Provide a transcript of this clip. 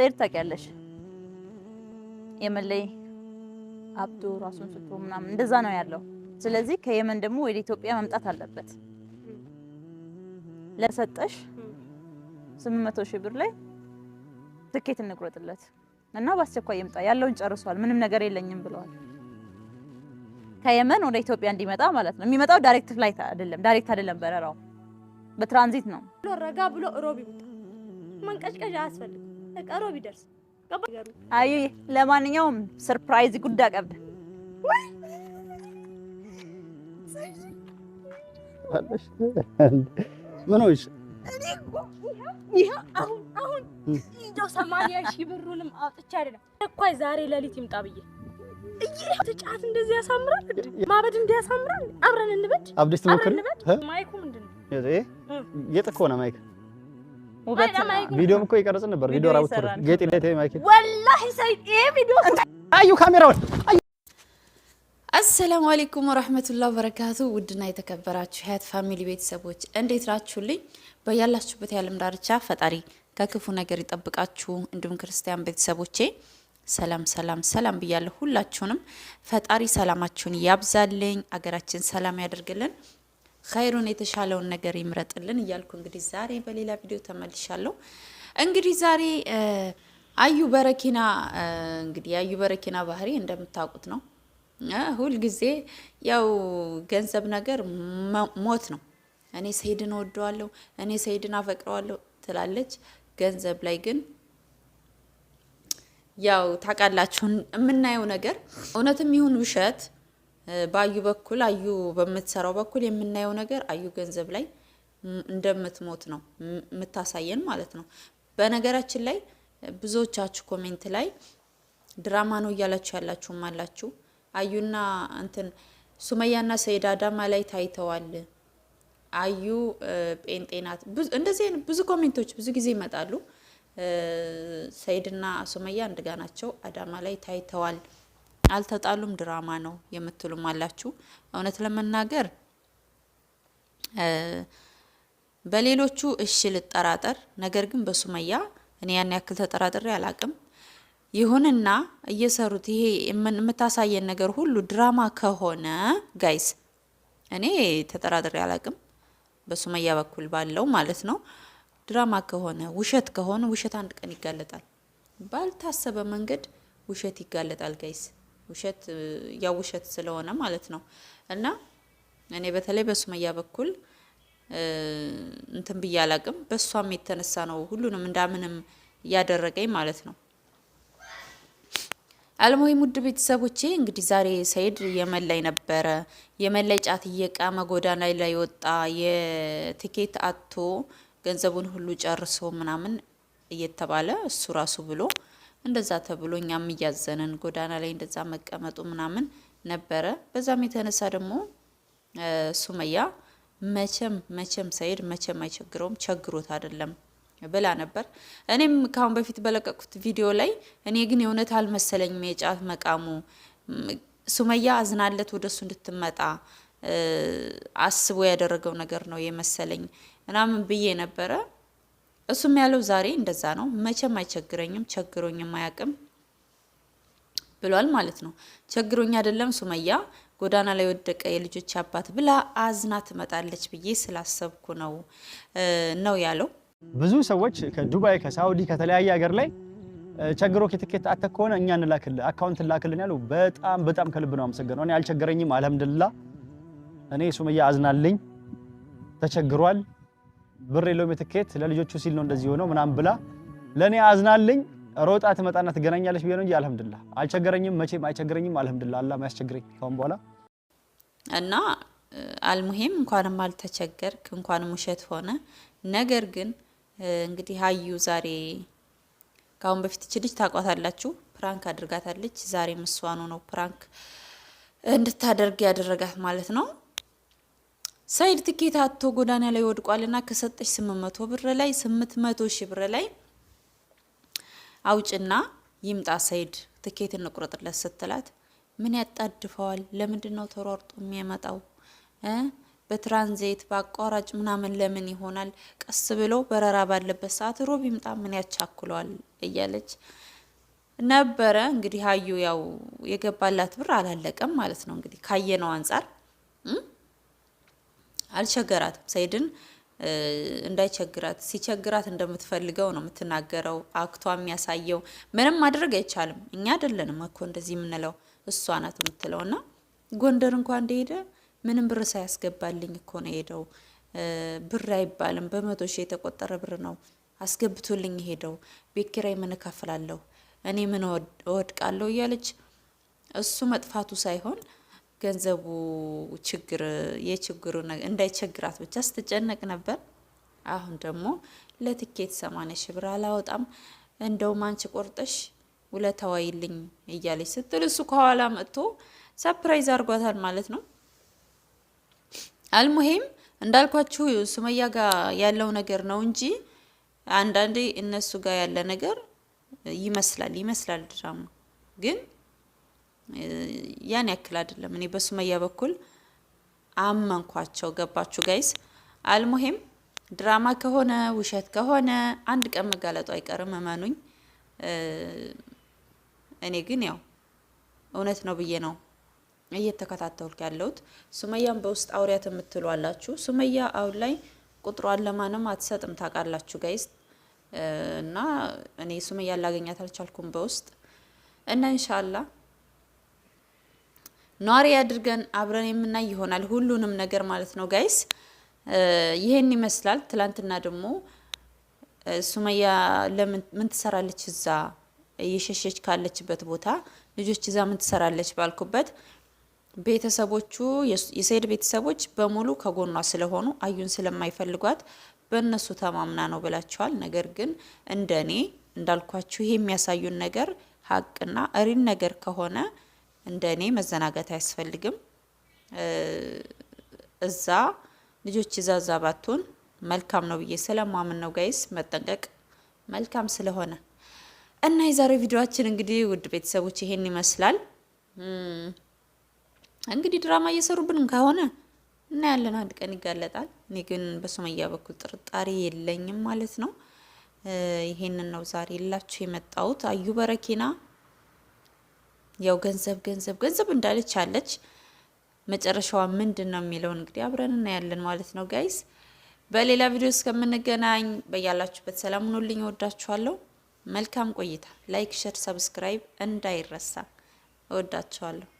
ሰይድ ታውቂያለሽ፣ የመን አብዶ ራሱን ስቶ ምናምን እንደዛ ነው ያለው። ስለዚህ ከየመን ደግሞ ወደ ኢትዮጵያ መምጣት አለበት። ለሰጠሽ 800 ሺህ ብር ላይ ትኬት እንቁረጥለት እና በአስቸኳይ ይምጣ። ያለውን ጨርሷል፣ ምንም ነገር የለኝም ብለዋል። ከየመን ወደ ኢትዮጵያ እንዲመጣ ማለት ነው። የሚመጣው ዳይሬክት ፍላይት አይደለም፣ ዳይሬክት አይደለም በረራው፣ በትራንዚት ነው። ረጋ ብሎ ሮቢ መንቀጭቀጭ አያስፈልግም። ቀሮ ቢደርስ ለማንኛውም ሰርፕራይዝ ጉዳ ቀብደ ምን አሁን አሁን እንደው ሰማንያ ሺህ ብሩንም አውጥቼ አይደለም ዛሬ ሌሊት ይምጣ ብዬ ጫት እንደዚህ ያሳምራል፣ ማበድ እንዲህ ያሳምራል። አብረን እንበድ አብደሽ ትሞክሪ። ማይኩ ምንድን ነው? ማይክ ውበት ቪዲዮም እኮ ይቀርጽን ነበር። ቪዲዮ ራውት ጌጥ ላይ ተይ ማይክ ወላሂ ሳይ ይሄ ቪዲዮ አዩ ካሜራውን አሰላሙ አለይኩም ወራህመቱላሂ ወበረካቱ። ውድና የተከበራችሁ ሀያት ፋሚሊ ቤተሰቦች እንዴት ናችሁልኝ? በያላችሁበት የዓለም ዳርቻ ፈጣሪ ከክፉ ነገር ይጠብቃችሁ። እንዲሁም ክርስቲያን ቤተሰቦቼ ሰላም ሰላም ሰላም ብያለሁ። ሁላችሁንም ፈጣሪ ሰላማችሁን ያብዛልኝ፣ አገራችን ሰላም ያደርግልን። ኸይሩን የተሻለውን ነገር ይምረጥልን እያልኩ እንግዲህ ዛሬ በሌላ ቪዲዮ ተመልሻለሁ። እንግዲህ ዛሬ አዩ በረኪና እንግዲህ የአዩ በረኪና ባህሪ እንደምታውቁት ነው። ሁልጊዜ ያው ገንዘብ ነገር ሞት ነው። እኔ ሰይድን ወደዋለሁ እኔ ሰይድን አፈቅረዋለሁ ትላለች። ገንዘብ ላይ ግን ያው ታውቃላችሁ የምናየው ነገር እውነትም ይሁን ውሸት በአዩ በኩል አዩ በምትሰራው በኩል የምናየው ነገር አዩ ገንዘብ ላይ እንደምትሞት ነው የምታሳየን ማለት ነው። በነገራችን ላይ ብዙዎቻችሁ ኮሜንት ላይ ድራማ ነው እያላችሁ ያላችሁም አላችሁ። አዩና እንትን ሱመያና ሰይድ አዳማ ላይ ታይተዋል። አዩ ጴንጤናት እንደዚህ ብዙ ኮሜንቶች ብዙ ጊዜ ይመጣሉ። ሰይድና ሱመያ አንድ ጋ ናቸው፣ አዳማ ላይ ታይተዋል። አልተጣሉም፣ ድራማ ነው የምትሉም አላችሁ። እውነት ለመናገር በሌሎቹ እሺ ልጠራጠር፣ ነገር ግን በሱመያ እኔ ያን ያክል ተጠራጥሬ አላቅም። ይሁንና እየሰሩት ይሄ የምታሳየን ነገር ሁሉ ድራማ ከሆነ ጋይስ እኔ ተጠራጥሬ አላቅም፣ በሱመያ በኩል ባለው ማለት ነው። ድራማ ከሆነ ውሸት ከሆነ ውሸት አንድ ቀን ይጋለጣል። ባልታሰበ መንገድ ውሸት ይጋለጣል ጋይስ። ውሸት ያው ውሸት ስለሆነ ማለት ነው። እና እኔ በተለይ በሱመያ በኩል እንትን ብዬ አላቅም። በእሷም የተነሳ ነው ሁሉንም እንዳምንም እያደረገኝ ማለት ነው። አልሞይ ውድ ቤተሰቦቼ እንግዲህ ዛሬ ሰይድ የመን ላይ ነበረ። የመን ላይ ጫት እየቃመ ጎዳና ላይ ወጣ። የትኬት አጥቶ ገንዘቡን ሁሉ ጨርሶ ምናምን እየተባለ እሱ ራሱ ብሎ እንደዛ ተብሎ እኛም እያዘንን ጎዳና ላይ እንደዛ መቀመጡ ምናምን ነበረ። በዛም የተነሳ ደግሞ ሱመያ መቼም መቼም ሰይድ መቼም አይቸግረውም ቸግሮት አይደለም ብላ ነበር። እኔም ካሁን በፊት በለቀቁት ቪዲዮ ላይ እኔ ግን የእውነት አልመሰለኝም የጫት መቃሙ ሱመያ አዝናለት ወደሱ እንድትመጣ አስቦ ያደረገው ነገር ነው የመሰለኝ ምናምን ብዬ ነበረ። እሱም ያለው ዛሬ እንደዛ ነው። መቼም አይቸግረኝም፣ ቸግሮኝም አያውቅም ብሏል ማለት ነው። ቸግሮኝ አይደለም ሱመያ ጎዳና ላይ ወደቀ የልጆች አባት ብላ አዝና ትመጣለች ብዬ ስላሰብኩ ነው ነው ያለው። ብዙ ሰዎች ከዱባይ ከሳውዲ ከተለያየ ሀገር ላይ ቸግሮ ኬትኬት አተህ ከሆነ እኛ እንላክል አካውንት እንላክልን ያለው በጣም በጣም ከልብ ነው አመሰግነው። እኔ አልቸገረኝም፣ አልሐምድላ እኔ ሱመያ አዝናልኝ ተቸግሯል ብር የለውም የትኬት ለልጆቹ ሲል ነው እንደዚህ ሆነው ምናምን ብላ ለእኔ አዝናልኝ ሮጣ ትመጣና ትገናኛለች ብዬ ነው እንጂ አልሐምድላ አልቸገረኝም፣ መቼም አይቸገረኝም። አልሐምድላ አላ ማያስቸግረኝ ከሁን በኋላ እና አልሙሄም እንኳንም አልተቸገርክ፣ እንኳንም ውሸት ሆነ። ነገር ግን እንግዲህ ሀዩ ዛሬ ከአሁን በፊት እች ታቋታላችሁ፣ ፕራንክ አድርጋታለች። ዛሬ ምሷኑ ነው ፕራንክ እንድታደርግ ያደረጋት ማለት ነው። ሰይድ ትኬት አቶ ጎዳና ላይ ወድቋልና ከሰጠሽ ስምንት መቶ ብር ላይ ስምንት መቶ ሺ ብር ላይ አውጭና ይምጣ ሰይድ ትኬት እንቁረጥለት ስትላት ምን ያጣድፈዋል? ለምንድን ነው ተሯርጦ የሚያመጣው? በትራንዚት በአቋራጭ ምናምን ለምን ይሆናል? ቀስ ብሎ በረራ ባለበት ሰዓት ሮብ ይምጣ፣ ምን ያቻኩለዋል? እያለች ነበረ እንግዲህ። አዩ ያው የገባላት ብር አላለቀም ማለት ነው እንግዲህ ካየነው አንጻር አልቸገራትም። ሰይድን እንዳይቸግራት ሲቸግራት እንደምትፈልገው ነው የምትናገረው። አክቷ የሚያሳየው ምንም ማድረግ አይቻልም። እኛ አይደለንም እኮ እንደዚህ የምንለው እሷ ናት የምትለው። እና ጎንደር እንኳ እንደሄደ ምንም ብር ሳያስገባልኝ እኮ ነው የሄደው። ብር አይባልም በመቶ ሺህ የተቆጠረ ብር ነው አስገብቶልኝ ሄደው። ቤት ኪራይ ምን እከፍላለሁ እኔ ምን እወድቃለሁ እያለች እሱ መጥፋቱ ሳይሆን ገንዘቡ ችግር የችግሩ እንዳይቸግራት ብቻ ስትጨነቅ ነበር። አሁን ደግሞ ለትኬት ሰማንያ ሽብር ብር አላወጣም እንደውም አንቺ ቆርጠሽ ውለታዋይልኝ እያለች ስትል እሱ ከኋላ መጥቶ ሰፕራይዝ አድርጓታል ማለት ነው። አልሙሄም እንዳልኳችሁ ሱመያ ጋር ያለው ነገር ነው እንጂ አንዳንዴ እነሱ ጋር ያለ ነገር ይመስላል ይመስላል ድራማ ግን ያን ያክል አይደለም። እኔ በሱመያ በኩል አመንኳቸው። ገባችሁ ጋይስ? አልሙሄም ድራማ ከሆነ ውሸት ከሆነ አንድ ቀን መጋለጡ አይቀርም፣ እመኑኝ። እኔ ግን ያው እውነት ነው ብዬ ነው እየተከታተልኩ ያለሁት። ሱመያን በውስጥ አውሪያት የምትሉ አላችሁ። ሱመያ አሁን ላይ ቁጥሯን ለማንም አትሰጥም፣ ታውቃላችሁ ጋይስ። እና እኔ ሱመያ ላገኛት አልቻልኩም በውስጥ እና ኢንሻአላህ ኗሪ አድርገን አብረን የምናይ ይሆናል ሁሉንም ነገር ማለት ነው ጋይስ። ይሄን ይመስላል። ትላንትና ደግሞ ሱመያ ለምን ምን ትሰራለች እዛ እየሸሸች ካለችበት ቦታ ልጆች እዛ ምን ትሰራለች ባልኩበት ቤተሰቦቹ የሰይድ ቤተሰቦች በሙሉ ከጎኗ ስለሆኑ አዩን ስለማይፈልጓት በእነሱ ተማምና ነው ብላቸዋል። ነገር ግን እንደኔ እንዳልኳችሁ ይሄ የሚያሳዩን ነገር ሀቅና እሪን ነገር ከሆነ እንደ እኔ መዘናጋት አያስፈልግም። እዛ ልጆች ይዛዛ ባትሆን መልካም ነው ብዬ ስለማምን ነው ጋይስ፣ መጠንቀቅ መልካም ስለሆነ እና የዛሬ ቪዲዮችን እንግዲህ ውድ ቤተሰቦች ይሄን ይመስላል። እንግዲህ ድራማ እየሰሩብን ከሆነ እና ያለን አንድ ቀን ይጋለጣል። እኔ ግን በሱመያ በኩል ጥርጣሬ የለኝም ማለት ነው። ይሄንን ነው ዛሬ የላችሁ የመጣሁት አዩ በረኪና ያው ገንዘብ ገንዘብ ገንዘብ እንዳለች አለች። መጨረሻዋ ምንድን ነው የሚለውን እንግዲህ አብረን እናያለን ማለት ነው ጋይስ። በሌላ ቪዲዮ እስከምንገናኝ በያላችሁበት ሰላም ሁኑልኝ። እወዳችኋለሁ። መልካም ቆይታ። ላይክ፣ ሸር፣ ሰብስክራይብ እንዳይረሳ። እወዳችኋለሁ።